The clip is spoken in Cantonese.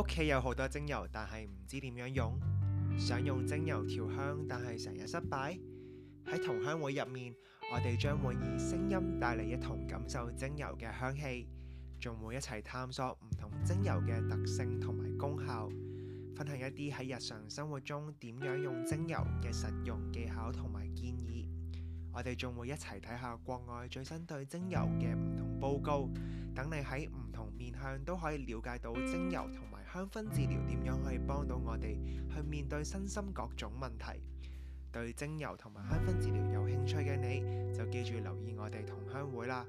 屋企有好多精油，但係唔知點樣用。想用精油調香，但係成日失敗。喺同香會入面，我哋將會以聲音帶嚟一同感受精油嘅香氣，仲會一齊探索唔同精油嘅特性同埋功效，分享一啲喺日常生活中點樣用精油嘅實用技巧同埋建議。我哋仲會一齊睇下國外最新對精油嘅唔同報告。等你喺唔同面向都可以了解到精油同埋香薰治療點樣可以幫到我哋去面對身心各種問題。對精油同埋香薰治療有興趣嘅你，就記住留意我哋同香會啦。